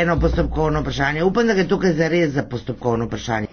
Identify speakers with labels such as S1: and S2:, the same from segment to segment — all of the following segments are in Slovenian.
S1: eno postopkovno vprašanje. Upam, da gre tukaj za res za postopkovno vprašanje.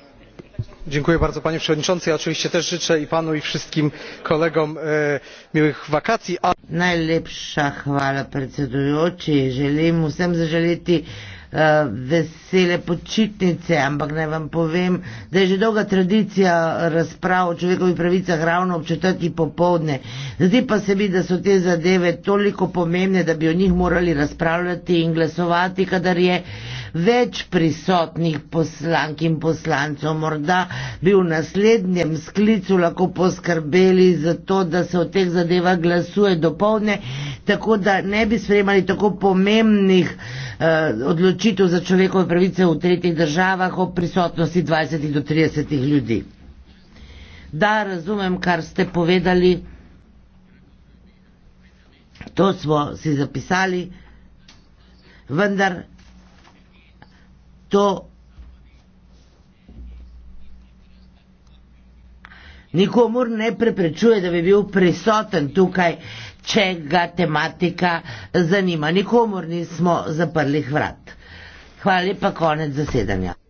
S1: Dziękuję bardzo panie przewodniczący. Ja oczywiście też życzę i panu i wszystkim kolegom e, miłych wakacji. A... Najlepsza chwała przewodniczący. Żelim wszystkim życzyć
S2: Eh, vesele počitnice, ampak naj vam povem, da je že dolga tradicija razprav o človekovih pravicah ravno ob četrti popovdne. Zdi pa se mi, da so te zadeve toliko pomembne, da bi o njih morali razpravljati in glasovati, kadar je uh, več prisotnih poslank in poslancev. Morda bi v naslednjem sklicu lahko poskrbeli za to, da se o teh zadevah glasuje do povdne, tako da ne bi sprejemali tako pomembnih eh, odločitev za človekove pravice v tretjih državah o prisotnosti 20 do 30 ljudi. Da, razumem, kar ste povedali. To smo si zapisali, vendar to nikomur ne preprečuje, da bi bil prisoten tukaj, če ga tematika zanima. Nikomur nismo zaprli vrat. Hvala lepa, konec zasedanja.